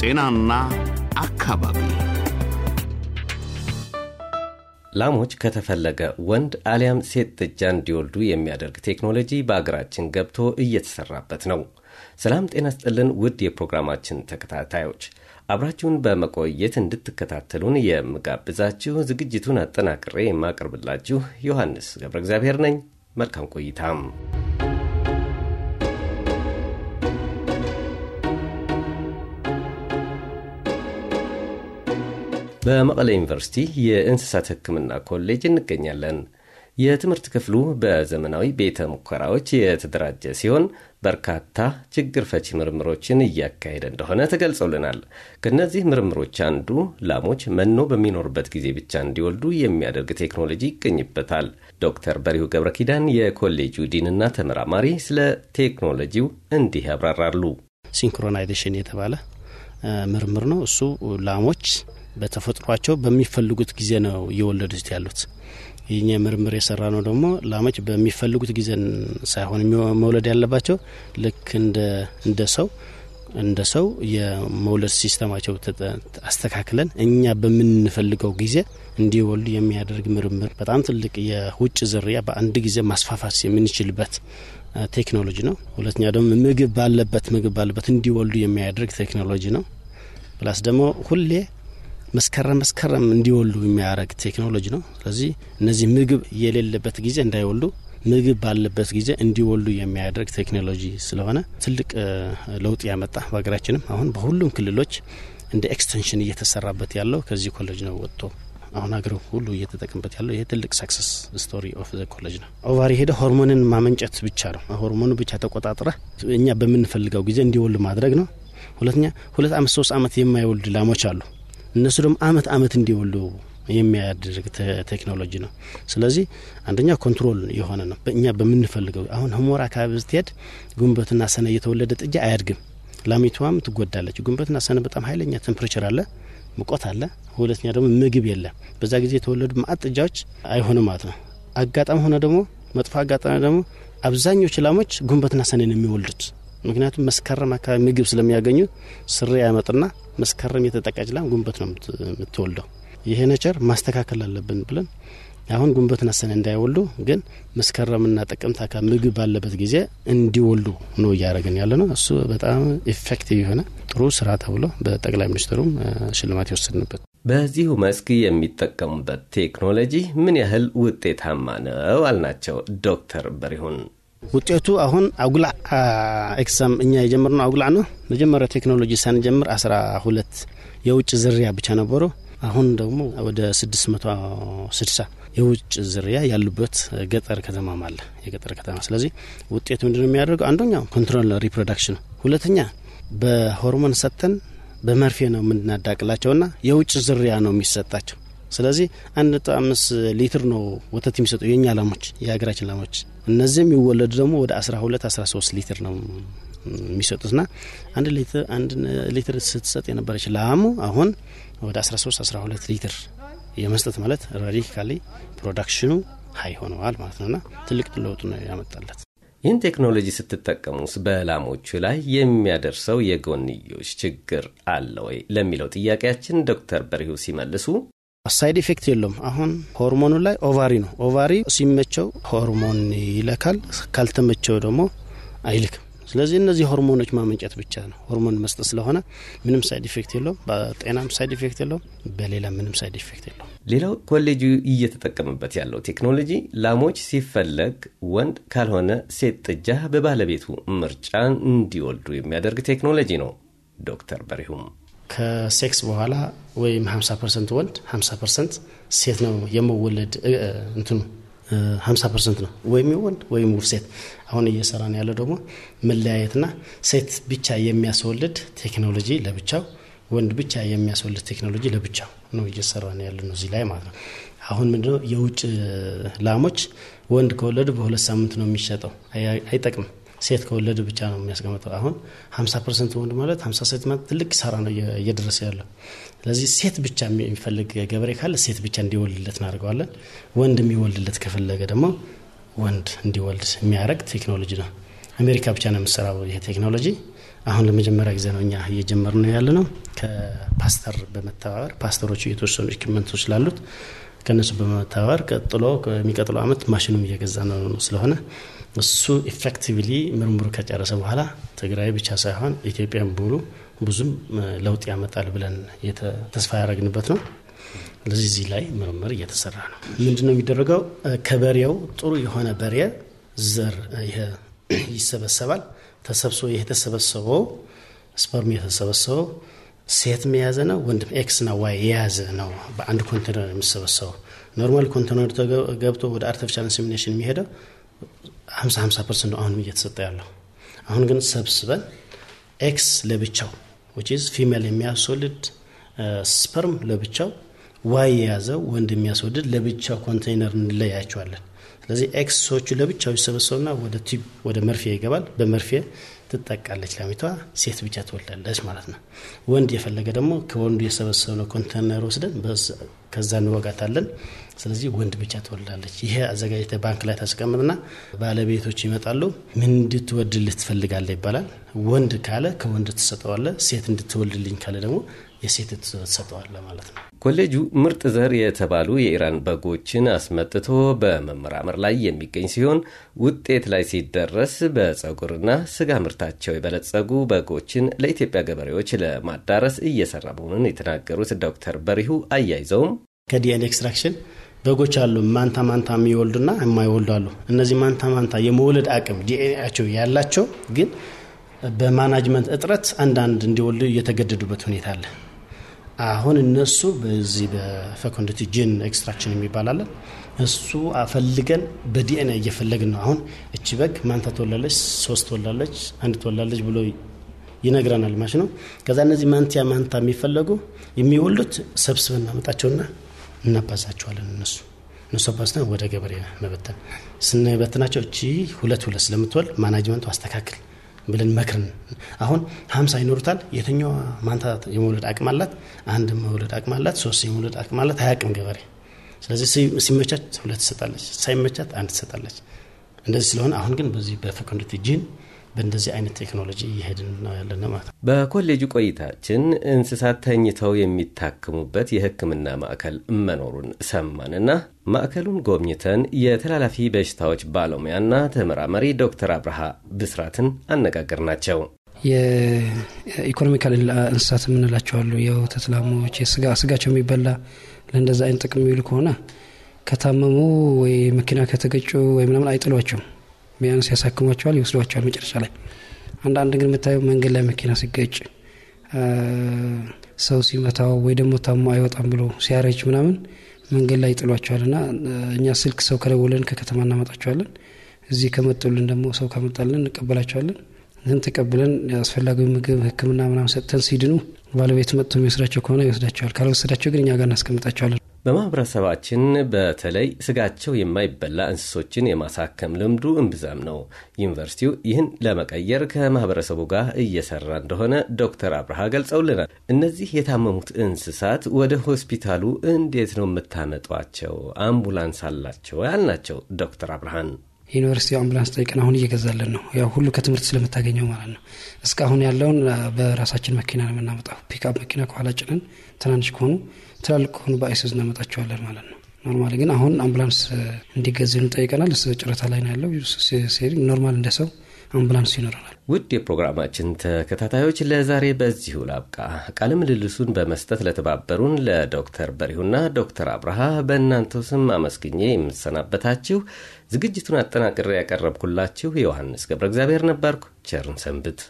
ጤናና አካባቢ ላሞች ከተፈለገ ወንድ አሊያም ሴት ጥጃ እንዲወልዱ የሚያደርግ ቴክኖሎጂ በአገራችን ገብቶ እየተሰራበት ነው። ሰላም ጤና ስጥልን ውድ የፕሮግራማችን ተከታታዮች አብራችሁን በመቆየት እንድትከታተሉን የምጋብዛችሁ ዝግጅቱን አጠናቅሬ የማቀርብላችሁ ዮሐንስ ገብረ እግዚአብሔር ነኝ። መልካም ቆይታም በመቀለ ዩኒቨርሲቲ የእንስሳት ሕክምና ኮሌጅ እንገኛለን። የትምህርት ክፍሉ በዘመናዊ ቤተ ሙከራዎች የተደራጀ ሲሆን በርካታ ችግር ፈቺ ምርምሮችን እያካሄደ እንደሆነ ተገልጾልናል። ከእነዚህ ምርምሮች አንዱ ላሞች መኖ በሚኖርበት ጊዜ ብቻ እንዲወልዱ የሚያደርግ ቴክኖሎጂ ይገኝበታል። ዶክተር በሪሁ ገብረ ኪዳን የኮሌጁ ዲንና ተመራማሪ ስለ ቴክኖሎጂው እንዲህ ያብራራሉ። ሲንክሮናይዜሽን የተባለ ምርምር ነው። እሱ ላሞች በተፈጥሯቸው በሚፈልጉት ጊዜ ነው እየወለዱት ያሉት። ይህኛ ምርምር የሰራ ነው ደግሞ ላሞች በሚፈልጉት ጊዜ ሳይሆን መውለድ ያለባቸው ልክ እንደ ሰው እንደ ሰው የመውለድ ሲስተማቸው አስተካክለን እኛ በምንፈልገው ጊዜ እንዲወልዱ የሚያደርግ ምርምር በጣም ትልቅ የውጭ ዝርያ በአንድ ጊዜ ማስፋፋት የምንችልበት ቴክኖሎጂ ነው። ሁለተኛ ደግሞ ምግብ ባለበት ምግብ ባለበት እንዲወልዱ የሚያደርግ ቴክኖሎጂ ነው። ፕላስ ደግሞ ሁሌ መስከረም መስከረም እንዲወሉ የሚያደርግ ቴክኖሎጂ ነው። ስለዚህ እነዚህ ምግብ የሌለበት ጊዜ እንዳይወሉ ምግብ ባለበት ጊዜ እንዲወሉ የሚያደርግ ቴክኖሎጂ ስለሆነ ትልቅ ለውጥ ያመጣ በሀገራችንም አሁን በሁሉም ክልሎች እንደ ኤክስቴንሽን እየተሰራበት ያለው ከዚህ ኮሌጅ ነው ወጥቶ አሁን አገር ሁሉ እየተጠቀምበት ያለው ይሄ ትልቅ ሰክሰስ ስቶሪ ኦፍ ዘ ኮሌጅ ነው። ኦቫሪ ሄደ ሆርሞንን ማመንጨት ብቻ ነው። ሆርሞኑ ብቻ ተቆጣጥረ እኛ በምንፈልገው ጊዜ እንዲወሉ ማድረግ ነው። ሁለተኛ ሁለት አመት ሶስት አመት የማይወልድ ላሞች አሉ። እነሱ ደግሞ አመት አመት እንዲወሉ የሚያደርግ ቴክኖሎጂ ነው። ስለዚህ አንደኛ ኮንትሮል የሆነ ነው በእኛ በምንፈልገው አሁን ህሞራ አካባቢ ስትሄድ ጉንበትና ሰነ እየተወለደ ጥጃ አያድግም። ላሚቷም ትጎዳለች። ጉንበትና ሰነ በጣም ሀይለኛ ቴምፕሬቸር አለ፣ ሙቀት አለ። ሁለተኛ ደግሞ ምግብ የለ። በዛ ጊዜ የተወለዱ ማአት ጥጃዎች አይሆንም ማለት ነው። አጋጣሚ ሆነ ደግሞ መጥፎ አጋጣሚ ደግሞ አብዛኞቹ ላሞች ጉንበትና ሰኔ ነው የሚወልዱት። ምክንያቱም መስከረም አካባቢ ምግብ ስለሚያገኙ ስሬ ያመጥና መስከረም የተጠቃች ላም ጉንበት ነው የምትወልደው። ይሄ ነቸር ማስተካከል አለብን ብለን አሁን ጉንበት ናሰን እንዳይወልዱ ግን መስከረምና ጥቅምት አካባቢ ምግብ ባለበት ጊዜ እንዲወልዱ ነው እያደረግን ያለ ነው። እሱ በጣም ኢፌክቲቭ የሆነ ጥሩ ስራ ተብሎ በጠቅላይ ሚኒስትሩም ሽልማት የወሰድንበት። በዚሁ መስክ የሚጠቀሙበት ቴክኖሎጂ ምን ያህል ውጤታማ ነው አልናቸው ዶክተር በሪሁን ውጤቱ አሁን አጉላ ኤክሳም እኛ የጀመርነው አጉላ ነው። መጀመሪያ ቴክኖሎጂ ሳንጀምር አስራ ሁለት የውጭ ዝርያ ብቻ ነበሩ። አሁን ደግሞ ወደ 660 የውጭ ዝርያ ያሉበት ገጠር ከተማም አለ የገጠር ከተማ። ስለዚህ ውጤቱ ምንድን ነው የሚያደርገው? አንደኛው ኮንትሮል ሪፕሮዳክሽን፣ ሁለተኛ በሆርሞን ሰጥተን በመርፌ ነው የምናዳቅላቸውና የውጭ ዝርያ ነው የሚሰጣቸው። ስለዚህ አንድ ነጥብ አምስት ሊትር ነው ወተት የሚሰጡ የእኛ ላሞች፣ የሀገራችን ላሞች። እነዚህ የሚወለዱ ደግሞ ወደ አስራ ሶስት ሊትር ነው የሚሰጡትና አንድ ሊትር አንድ ሊትር ስትሰጥ የነበረች ላሙ አሁን ወደ 13 12 ሊትር የመስጠት ማለት ራዲካሊ ፕሮዳክሽኑ ሀይ ሆነዋል ማለት ነውና ትልቅ ለውጡ ነው ያመጣለት። ይህን ቴክኖሎጂ ስትጠቀሙስ በላሞቹ ላይ የሚያደርሰው የጎንዮች ችግር አለ ወይ ለሚለው ጥያቄያችን ዶክተር በሪሁ ሲመልሱ ሳይድ ኢፌክት የለውም። አሁን ሆርሞኑ ላይ ኦቫሪ ነው። ኦቫሪ ሲመቸው ሆርሞን ይለካል፣ ካልተመቸው ደግሞ አይልክም። ስለዚህ እነዚህ ሆርሞኖች ማመንጨት ብቻ ነው፣ ሆርሞን መስጠት ስለሆነ ምንም ሳይድ ኢፌክት የለውም። በጤናም ሳይድ ኢፌክት የለውም፣ በሌላ ምንም ሳይድ ኢፌክት የለውም። ሌላው ኮሌጁ እየተጠቀመበት ያለው ቴክኖሎጂ ላሞች ሲፈለግ ወንድ ካልሆነ ሴት ጥጃ በባለቤቱ ምርጫ እንዲወልዱ የሚያደርግ ቴክኖሎጂ ነው። ዶክተር በሪሁም ከሴክስ በኋላ ወይም 50 ፐርሰንት ወንድ 50 ፐርሰንት ሴት ነው የመወለድ እንትኑ 50 ፐርሰንት ነው ወይም ወንድ ወይም ውር ሴት። አሁን እየሰራ ነው ያለው ደግሞ መለያየትና ሴት ብቻ የሚያስወልድ ቴክኖሎጂ ለብቻው፣ ወንድ ብቻ የሚያስወልድ ቴክኖሎጂ ለብቻው ነው እየሰራ ነው ያለ ነው እዚህ ላይ ማለት ነው። አሁን ምንድነው የውጭ ላሞች ወንድ ከወለዱ በሁለት ሳምንት ነው የሚሸጠው። አይጠቅምም ሴት ከወለደ ብቻ ነው የሚያስቀምጠው። አሁን 50 ፐርሰንት ወንድ ማለት 50 ሴት ማለት ትልቅ ኪሳራ ነው እየደረሰ ያለው። ስለዚህ ሴት ብቻ የሚፈልግ ገበሬ ካለ ሴት ብቻ እንዲወልድለት እናደርገዋለን። ወንድ የሚወልድለት ከፈለገ ደግሞ ወንድ እንዲወልድ የሚያደርግ ቴክኖሎጂ ነው። አሜሪካ ብቻ ነው የምሰራው ይሄ ቴክኖሎጂ። አሁን ለመጀመሪያ ጊዜ ነው እኛ እየጀመር ነው ያለ ነው። ከፓስተር በመተባበር ፓስተሮቹ የተወሰኑ ኢኩመንቶች ስላሉት ከእነሱ በመተባበር ቀጥሎ የሚቀጥለው አመት ማሽኑም እየገዛ ነው ስለሆነ እሱ ኢፌክቲቭሊ ምርምሩ ከጨረሰ በኋላ ትግራይ ብቻ ሳይሆን ኢትዮጵያን ሙሉ ብዙም ለውጥ ያመጣል ብለን ተስፋ ያደረግንበት ነው። ለዚህ እዚህ ላይ ምርምር እየተሰራ ነው። ነው የሚደረገው? ከበሬው ጥሩ የሆነ በሬ ዘር ይሰበሰባል። ተሰብስቦ ይህ የተሰበሰበው ስፐርም የተሰበሰበው ሴትም የያዘ ነው ወንድም ና ዋይ የያዘ ነው። በአንድ ኮንቴነር የሚሰበሰበው ኖርማል ኮንቴነር ገብቶ ወደ አርቲፊሻል ኢንሴሚኔሽን የሚሄደው ሀምሳ ሀምሳ ፐርሰንት ነው አሁንም እየተሰጠ ያለው። አሁን ግን ሰብስበን ኤክስ ለብቻው ዊችዝ ፊሜል የሚያስወልድ ስፐርም ለብቻው ዋይ የያዘው ወንድ የሚያስወልድ ለብቻው ኮንቴይነር እንለያቸዋለን። ስለዚህ ሰዎቹ ለብቻው ይሰበሰቡና ወደ ቲብ ወደ መርፌ ይገባል። በመርፌ ትጠቃለች ላሚቷ፣ ሴት ብቻ ትወልዳለች ማለት ነው። ወንድ የፈለገ ደግሞ ከወንዱ የሰበሰብነው ኮንቴነር ወስደን ከዛ እንወጋታለን። ስለዚህ ወንድ ብቻ ትወልዳለች። ይሄ አዘጋጅተ ባንክ ላይ ታስቀምጥና ባለቤቶች ይመጣሉ። ምን እንድትወልድልህ ትፈልጋለህ ይባላል። ወንድ ካለ ከወንድ ትሰጠዋለ፣ ሴት እንድትወልድልኝ ካለ ደግሞ የሴት ትሰጠዋለ ማለት ነው። ኮሌጁ ምርጥ ዘር የተባሉ የኢራን በጎችን አስመጥቶ በመመራመር ላይ የሚገኝ ሲሆን ውጤት ላይ ሲደረስ በጸጉርና ስጋ ምርታቸው የበለጸጉ በጎችን ለኢትዮጵያ ገበሬዎች ለማዳረስ እየሰራ መሆኑን የተናገሩት ዶክተር በሪሁ አያይዘውም ከዲኤን ኤክስትራክሽን በጎች አሉ። ማንታ ማንታ የሚወልዱና የማይወልዱ አሉ። እነዚህ ማንታ ማንታ የመውለድ አቅም ዲኤንኤያቸው ያላቸው ግን በማናጅመንት እጥረት አንዳንድ እንዲወልዱ እየተገደዱበት ሁኔታ አለ። አሁን እነሱ በዚህ በፈኮንዲቲ ጂን ኤክስትራክሽን የሚባላለን እሱ አፈልገን በዲኤንኤ እየፈለግን ነው። አሁን እች በግ ማን ተወላለች፣ ሶስት ተወላለች፣ አንድ ተወላለች ብሎ ይነግረናል ማለት ነው። ከዛ እነዚህ ማንቲያ ማንታ የሚፈለጉ የሚወልዱት ሰብስበን እናመጣቸውና እናባዛቸዋለን። እነሱ እነሱ አባዝተን ወደ ገበሬ መበተን ስንበትናቸው እቺ ሁለት ሁለት ስለምትወል ማናጅመንቱ አስተካክል ብለን መክርን። አሁን ሀምሳ ይኖሩታል። የትኛዋ ማንታት የመውለድ አቅም አላት? አንድ መውለድ አቅም አላት። ሶስት የመውለድ አቅም አላት። አያውቅም ገበሬ። ስለዚህ ሲመቻት ሁለት ትሰጣለች፣ ሳይመቻት አንድ ትሰጣለች። እንደዚህ ስለሆነ አሁን ግን በዚህ በፌኮንዲቲ ጂን በእንደዚህ አይነት ቴክኖሎጂ እየሄድን ነው ያለን ማለት ነው። በኮሌጁ ቆይታችን እንስሳት ተኝተው የሚታክሙበት የሕክምና ማዕከል መኖሩን ሰማንና ማዕከሉን ጎብኝተን የተላላፊ በሽታዎች ባለሙያና ተመራማሪ ዶክተር አብርሃ ብስራትን ናቸው። የኢኮኖሚካል እንስሳት የምንላቸው አሉ። የወተት ላሞች ስጋቸው የሚበላ ለእንደዛ አይነት ጥቅም የሚውሉ ከሆነ ከታመሙ ወይ መኪና ከተገጩ ወይ ምናምን አይጥሏቸውም ቢያንስ ያሳክሟቸዋል፣ ይወስዷቸዋል መጨረሻ ላይ። አንዳንድ ግን የምታየው መንገድ ላይ መኪና ሲገጭ ሰው ሲመታው ወይ ደግሞ ታሞ አይወጣም ብሎ ሲያረጅ ምናምን መንገድ ላይ ይጥሏቸዋል። እና እኛ ስልክ ሰው ከደወለን ከከተማ እናመጣቸዋለን። እዚህ ከመጡልን ደግሞ ሰው ካመጣልን እንቀበላቸዋለን። ይህን ተቀብለን አስፈላጊው ምግብ፣ ሕክምና ምናምን ሰጥተን ሲድኑ ባለቤት መጥቶ የሚወስዳቸው ከሆነ ይወስዳቸዋል። ካልወሰዳቸው ግን እኛ ጋር እናስቀምጣቸዋለን። በማኅበረሰባችን በተለይ ስጋቸው የማይበላ እንስሶችን የማሳከም ልምዱ እምብዛም ነው። ዩኒቨርሲቲው ይህን ለመቀየር ከማኅበረሰቡ ጋር እየሰራ እንደሆነ ዶክተር አብርሃ ገልጸውልናል። እነዚህ የታመሙት እንስሳት ወደ ሆስፒታሉ እንዴት ነው የምታመጧቸው? አምቡላንስ አላቸው ያልናቸው ዶክተር አብርሃን ዩኒቨርሲቲ አምቡላንስ ጠይቀን አሁን እየገዛለን ነው። ያው ሁሉ ከትምህርት ስለምታገኘው ማለት ነው። እስካሁን ያለውን በራሳችን መኪና ነው የምናመጣው። ፒክአፕ መኪና ከኋላ ጭነን ትናንሽ ከሆኑ ትላልቅ ከሆኑ በአይሱዝ እናመጣቸዋለን ማለት ነው። ኖርማል ግን አሁን አምቡላንስ እንዲገዝን ጠይቀናል። እሱ ጨረታ ላይ ነው ያለው። ኖርማል እንደሰው አምቡላንስ ይኖረናል። ውድ የፕሮግራማችን ተከታታዮች ለዛሬ በዚሁ ላብቃ። ቃለ ምልልሱን በመስጠት ለተባበሩን ለዶክተር በሪሁና ዶክተር አብርሃ በእናንተው ስም አመስግኜ የምሰናበታችሁ ዝግጅቱን አጠናቅሬ ያቀረብኩላችሁ ዮሐንስ ገብረ እግዚአብሔር ነበርኩ። ቸርን ሰንብት።